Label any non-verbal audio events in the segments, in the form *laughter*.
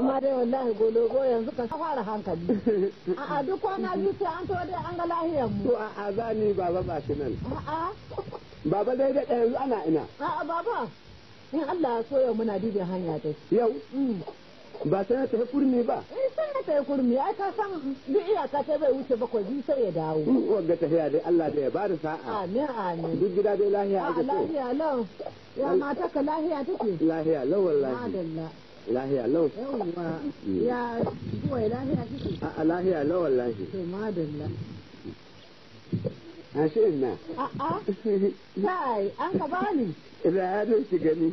amma dai wallahi gologo yanzu ka fara hankali *laughs* a duk kwana biyu sai an tawo dai an ga lahiyar mu a za ni baba ba shi nan a baba dai da yanzu ana ina a baba in Allah ya so yau muna dibin hanya dai yau mm. ba sai na tafi kurmi ba eh sai na tafi kurmi ai ka san duk iyaka ta bai wuce bakwai biyu sai ya dawo mm, wanda tafiya dai Allah da ya bada sa'a amin amin duk gida dai lahiya ake ta lahiya lau ya mata ka lahiya take lahiya lau wallahi madalla lahiya lau yawwa ya kuwa lahiya kike a lahiya lau wallahi to madalla a shi na. a'a sai an ka bani ina ya don shi gani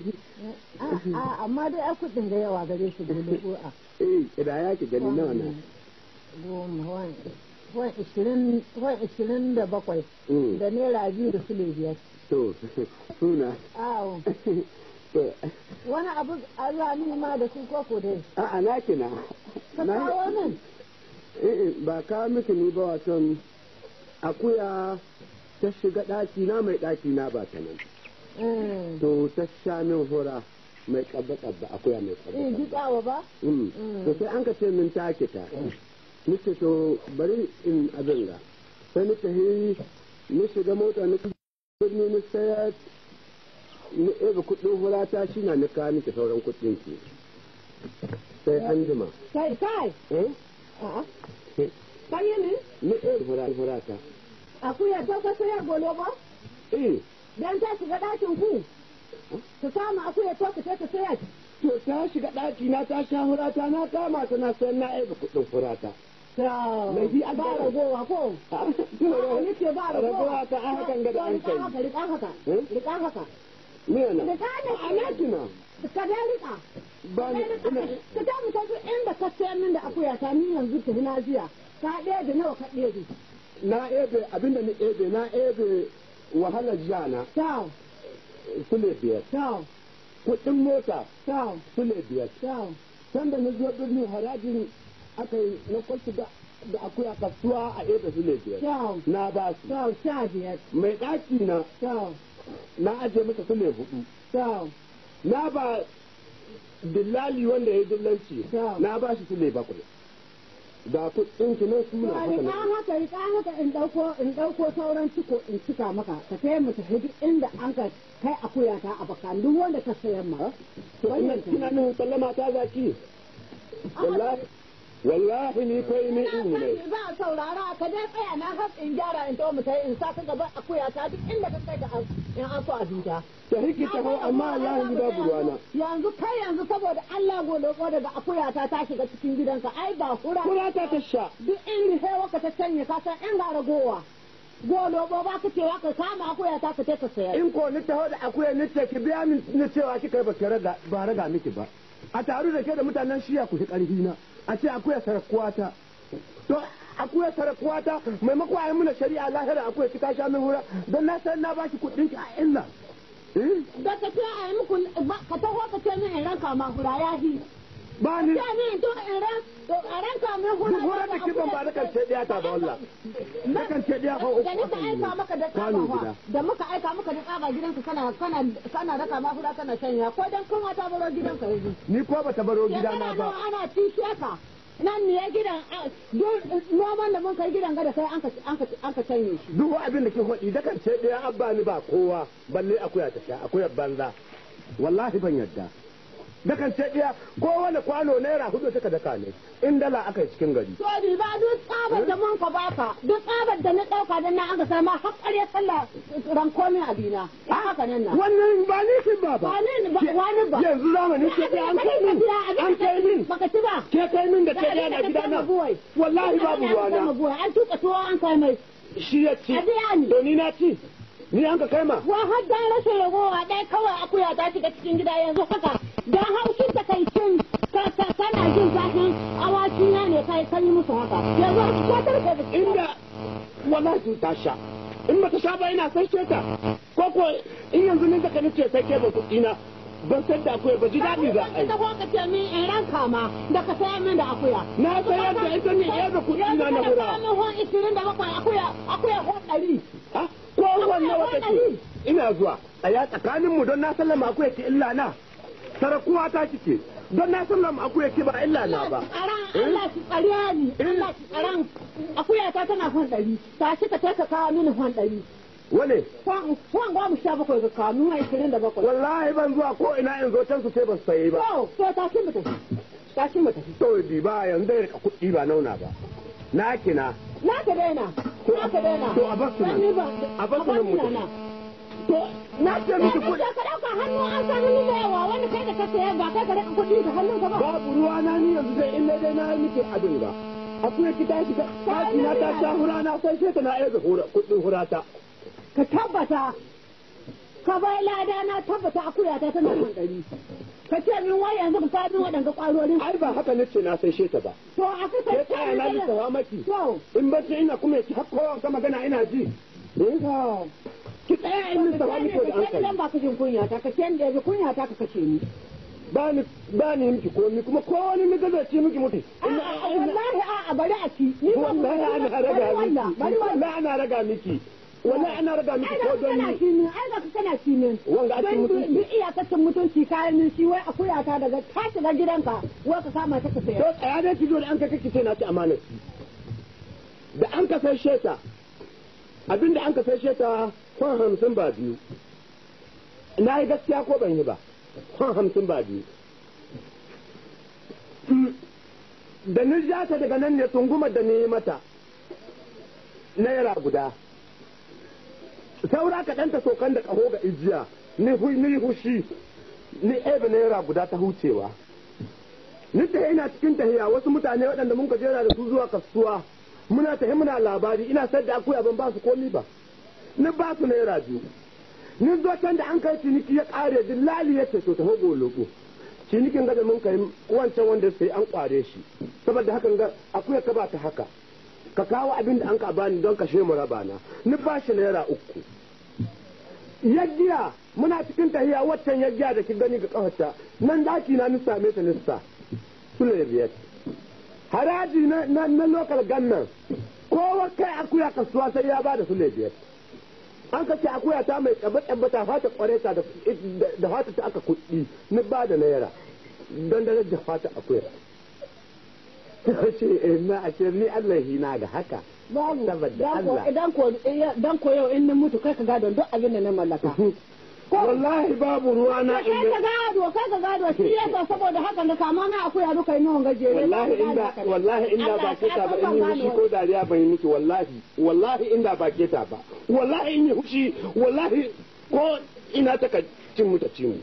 ah amma dai a kudin da yawa gare shi dole ko a eh ina ya ki gani nawa na goma wani wani ishirin da bakwai mm. da naira biyu da sule biyar to *laughs* suna *laughs* wani abu Allah ne ma da su koko dai a'a na kina na wannan eh, eh ba ka miki ni ba wasan akuya ta shiga daki na mai daki na ba ta nan eh. to ta sha min hura mai kabba kabba akuya mai kabba eh gidawa ba mm. Mm. to sai an ka ce min ta kita mm. nace to bari in abin ga sai ni ta ni shiga mota ni birni ni sayar ni eh, kuɗin hulata shi na nika miki sauran kuɗin ki sai an jima sai kai eh yi ne ni ɗaga eh, hulata a ku? ta kwasa ya golo ba eh dan ta shiga ɗakin ku ta a akuya ta fita ta saya to ta shiga ɗaki na ta sha hulata na kama ta na sayan na ɗaga kuɗin hulata laifi a ba ragowa ko an *laughs* ce ba ragowa ta an hakan gada an sai riƙa haka eh? riƙa mena da samun alaƙina ka dalika ka ta fita inda ka min da akuya ta ni yanzu ta na jiya ka ɗebe nawa ka ɗebe na ɗebe abinda ni ɗebe na ɗebe wahalar jana tau sule biyar tau kuɗin mota tau sule biyar da kasuwa a ebe sule biyar na ba su biyar mai ɗaki na na ajiye masa su mai hudu na ba dillali wanda ya dillanci na ba shi su mai bakwai ga kudinki na nan suna haka ne. haka ka haka in dauko in dauko sauran ciko in cika maka ka kai mu hudu inda an ka kai akuya ta a baka duk wanda ka sayar ma. To ina kina nan sallama ta zaki. Wallahi wallahi ni kai ni in ne ba saurara ka dai tsaya na har in gyara in tawo mutai in sa ka gaba akuya ta duk inda ka kai ta in an so a duta ta hiki ta ho amma Allah ya ba burwana yanzu kai yanzu saboda Allah gode ko daga akuya ta ta shiga cikin gidanka ai ba kura kura ta ta sha duk in sai waka ta canye ka san in ga ragowa golo ba ba ka cewa ka kama akuya ta ka ta sayar in ko ni ta da akuya ni ta ki biya min ni cewa ki kai ba ki raga ba raga miki ba a taru da ke da mutanen shiya ku shi ƙarfi a ce akuya sarakuwata to akwai sarakuwata maimakon a muna shari'a lahira akuya ki tashi min wura don na san na baki kuɗin ki a illa eh? da ka ce a yi muku ka taho ka ce min in ranka ma hura ya hi ba ni to ran da kiban ba nakan ce diya ta ba wallah nakan ce diya fa uku da ni ka aika maka da tsaba da muka aika maka da tsaba gidanka kana kana kana raka ma fura kana shanya ko dan kanwa ta baro gidan gidanka yanzu ni ko bata baro gidan na ba ya ana tishiyaka nan ne gidan noman da mun kai gidan gada sai an ka canye shi duk abin da ke hodi da kan ce ɗaya abba ni ba kowa balle akuya ta sha akuyar banza wallahi ban yadda dakan ce ɗiya ko wani kwano naira hudu suka daka ne in dala aka yi cikin gari. Sori ba duk tsabar da man ka baka duk tsabar da na ɗauka da na aka sama har ƙarya sallah ran komai A haka nan na. Wannan ba ni shi ba ba. Ba ni ba wani ba. Yanzu zamani ke ɗaya an kai min an kai min. Baka ci ba. Ke kai min da ke ɗaya na gida na. Wallahi babu ruwana. An tuka tuwa an kai mai. Shi ya ci. To ni na ci. ni an ka kai ma wa har dan rashin ragowa dai kawai akuya ta shiga cikin gida yanzu haka dan haushin ta kai cin kana jin zafin awaki na ne kai kan yi musu haka yanzu an ta tarka inda wallahi ta sha in ba ta sha ba ina sai ta ko ko in yanzu ne zaka nace sai ke ba kuɗi na ban san da akuya ba ji daɗi za a yi. Ka ce min in ranka ma da ka sayar min da akuya. Na sayar da ita ne yar eh, da kuɗi na na wura. Yanzu da kawo min hon isirin da bakwai akuya akuya hon ɗari. abubuwan nawa kake ina zuwa ya tsakanin mu don na sallama ku yake illa na sarakuwa ta kike don na sallama aku yake ba illa na ba Allah ki tsare ni eh? Eh? Allah tsaran akuya ta tana ta shi ka kawo mini wane kwan gwamu sha bakwai ga kanu ban zuwa ko ina in zo can su ce to ta shi ta shi to bi ba yanzu da kuɗi ba nauna ba na na ka daina na ka daina to a basu a basu nan mutum to na ce eh, miki kuɗi ka ɗauka hannu an sa hannu da yawa wanda kai da ka saya ba kai ka daɗa kuɗi da hannun ka ba babu ruwa na ni yanzu sai in dai na miki abin ba akwai ki tashi ta na ta sha hura na sai sai ta na aiza kuɗin hurata ka tabbata ka bai lada na tabbata kuya ta tana kan dari ka ce min wai yanzu ka sabin waɗanda ƙwarorin ai ba haka nace na sai sheta ba to a ka ta ta na ta tsawa maki in ba ce ina kuma ki hakko ka magana ina ji eh? ki tsaya in ni tsawa miki da hankali dan ba ka jin kunya ta ka kyan ji kunya ta ka kace ni Bani miki ko ni miki komi kuma ko ni mi gaza ci miki mutu wallahi a a bari a ci ni wallahi ana raga miki wallahi ana raga miki wallahi ana raga miki ko don ni shi ne ai kana shi ne wanga a cikin mutunci duk iyakacin mutunci kayan nan shi wai akuya ta daga ta shiga gidanka wai ka kama ta ka to tsaya dai ki zo da an ka kake ce na ci amana da an ka sai sheta abinda an ka sai sheta kwan hamsin ba biyu na yi gaskiya ko ban yi ba kwan hamsin ba biyu da ni ta daga nan ne tunguma da ni mata naira guda saura ka ɗanta sokan da ƙaho ga ijiya ni hushi ni ebe naira guda ta hucewa ni ta ina cikin tahiya wasu mutane waɗanda mun gajera da su zuwa kasuwa muna tahi muna labari ina sayar da akuya ban ba su komi ba ni ba su naira biyu ni zo can da an kai ciniki ya ƙare lali ya ce to ta taho lobo cinikin gada mun kai wancan wanda sai an ƙware shi saboda hakan ga akuya ka ba ta haka ka kawo abin da an ka bani don kashe mu raba na ni ba shi naira uku yaggiya muna cikin tahiya waccan yaggiya da ki gani ga kafarta nan daki na nista mai ta lissa sule biyar haraji na lokal gannan kowa kai akuya kasuwa sai ya ba bada sule biyar an ka ce akuya ta mai tsabba tsabba ta fata kwareta da fata ta aka kuɗi ni ba da naira don da fata akuya ta ce ina a ce ni Allah na ga haka babu saboda Allah dan eh, ko yau in na mutu kai ka gadon duk abin da na mallaka *laughs* wallahi babu ruwa na in kai ka gado kai ka gado shi yasa saboda haka na kama na akuya duka yi nawan gajere wallahi inda wallahi inda ba ke ta ba in yi hushi ko dariya ban yi miki wallahi wallahi inda ba ke ta ba wallahi in yi hushi wallahi ko ina ta ka cin mu ta mu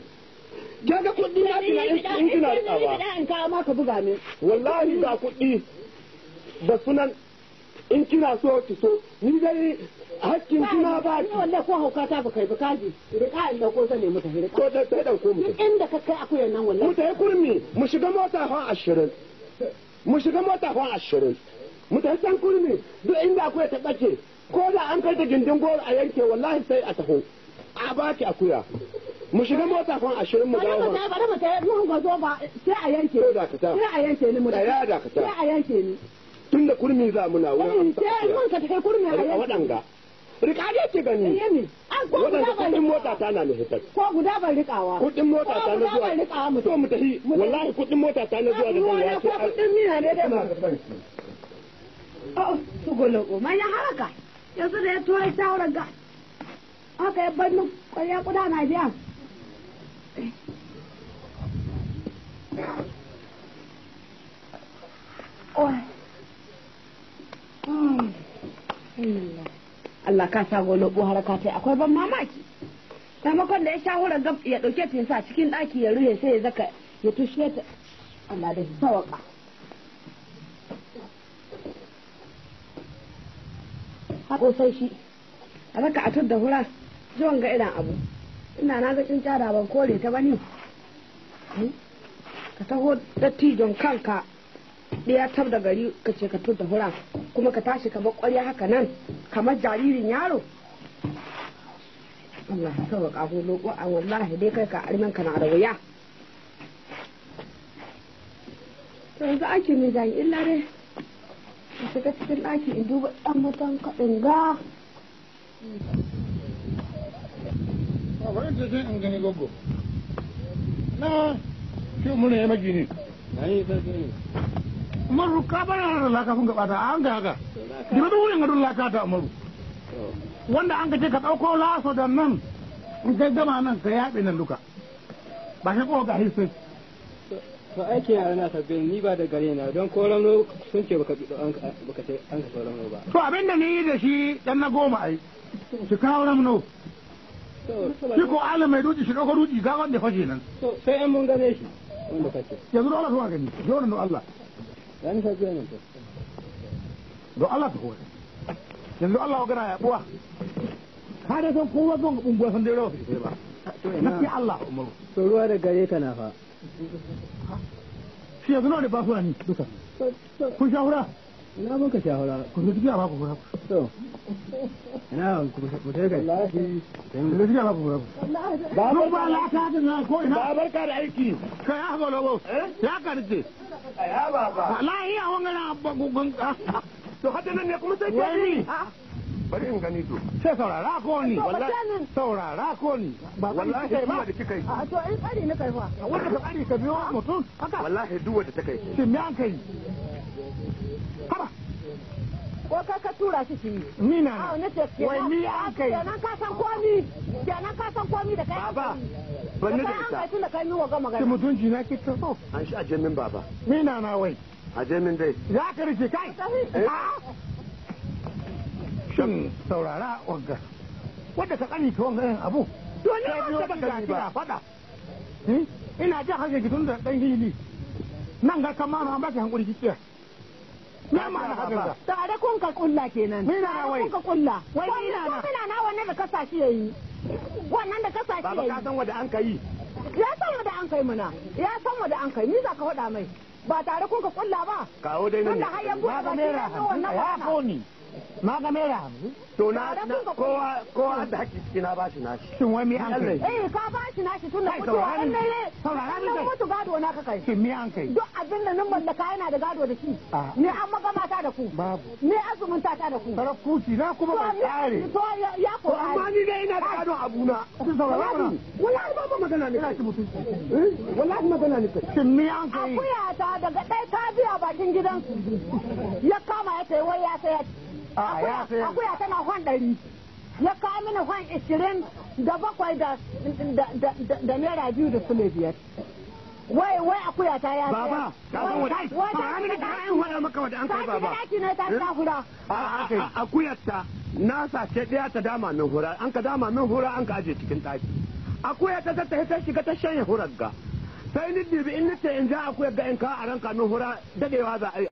Gaga kuɗi na kina in kina ba in ka ma buga wallahi ga kuɗi da sunan in kina so ki so ni dai hakkin kina ba ki ko hauka ta ba kai ba kaji in da ko ta ko mu shiga mota ashirin. mu shiga duk inda akuya ta bace ko da an kai ta gindin goro a yanke wallahi sai a taho a baki akuya mu shiga mota kan ashirin mu dawo ba bari mu tayar mun gwazo ba sai a yanke ni sai a yanke ni mu da ya dakata sai a yanke ni tun da kurmi za mu na wurin eh, sai mun ka kai kurmi a yanke waɗanga rikade yake gani eh, waɗanda kuɗin mota ta na nufitar ko guda ban rikawa kuɗin mota ta na zuwa to mu tafi wallahi kuɗin mota ta na zuwa da zan yi. ko kuɗin mina ne dai ba su oh, goloko man ya haraka yanzu da ya tura shawarar ga Aka ya bannu. mu kwaya na biya Allah ka sa wani ko haraka tai akwai ban mamaki maimakon da ya sha wurin gab ya dauke ta yasa cikin daki ya ruhe sai ya zaka ya tushe ta Allah da sawaka hako sai shi a zaka a tudda hura zuwan ga irin abu ina na zaƙin tsinta ban kore ta bane hmm? ka taho dattijon kanka ɗaya tab da gari ka ce ka da hura kuma ka tashi kamar ƙwarya haka nan kamar jaririn yaro Allah ta wa ƙaho loƙo a wallahi dai kai ka armen ka na da wuya yanzu ake mai zai illa dai a shiga cikin ɗaki in duba ɗan mutan kaɗin ga wurin ce sai in gani gogo na shi umaru ya maki ne umaru ka bana da laka sun gabata an ga haka gaba da wurin gadon laka ta umaru wanda an gaje ka ɗauko laso da nan in kai gama nan ka yaɓe nan duka ba shi ko ga hisin to aikin yara na sabbin ni ba da gare na don ko ramno sun ce baka baka ce an ka so ramno ba to abinda ni da shi dan na goma ai su kawo ramno shi ko ala mai doji shi ko ruji ga wanda fashe nan To sai an mun gane shi wanda kace yanzu da Allah zuwa gani yorin da Allah dan sa jiya nan don Allah ta kowa yanzu Allah gana ya buwa ka da san kowa zan unguwa san dai rawa sai ba nake Allah umaru to ruwa da gare ka na fa shi yanzu na da ba su ni duka kun shahura ina baka shawara ku ne ba ku fura to ina ku ku ta ga wallahi ku ba ku ba ba la ka da na ko ina ba barka da aiki kai ya ba lobo eh? ya karce ya ba ba wallahi a wannan abba gugun ka to hada nan ne kuma sai ke bari in gani to sai saurara ko ni wallahi saurara ko ni wallahi kai ma a to in tsari na kai fa wanda ka tsari ka biyo mutum haka wallahi duwa da ta kai me an kai haba ko kai ka tura shi shi ni na na wai ni an kai kenan ka san komi kenan ka san komi da kai baba ban da ita kai tunda kai min wa magana. Ki mutunci na ki to an shi aje min baba ni na na wai aje min dai ya ka rike kai eh. shin saurara wagga wadda ka kani ta wangayen abu to ni ba ta ban kira fada hmm? ina jin hajjaji tun da dan hili nan ga kama ma ba ki hankuri kike na ma na haka tare kun ka kulla kenan ni na wai kun ka kulla wai ni na na kuna na wannan da kasa shi yayi wannan da kasa shi yayi baba ka san wanda an kai ya san wanda an kai muna ya san wanda an kai ni za ka faɗa mai ba tare kun ka kulla ba kawo dai ne na ga mera wannan ba ko ni ma ga mai rabu to na kowa kowa da haƙƙi ciki na bashi nashi shin wai mi an kai eh ka bashi nashi tun da mutuwa an ne ne saurara ni mutu gado na ka kai shin mi an kai duk abin da nan mallaka yana da gado da shi ni an magama ta da ku babu ni azumin ta ta da ku sarar kuti na kuma ban tsare to ya ko amma ni dai ina da gado abuna kun saurara mana wallahi ba ba magana ne kai mutunci eh? wallahi magana ne kai shin mi an kai akuya ta daga ɗaya ta biya bakin gidan. ya kama ya kai wai ya sai akuya tana kwan ɗari ya kawo mini kwan ishirin da bakwai da naira biyu da sule biyar wai wai akuya ta ya baba ka san wadai ba an da an wada maka wada an kai baba ta ne ta ta eh? hura akuyar ta na sace daya ta dama min hura an ka dama min hura an ka aje cikin ɗaki. akuyar ta ta ta shiga ta shanye hurar ga sai ni dibi in ni ce in ja akuyar ga in ka a ranka min hura dadewa za a yi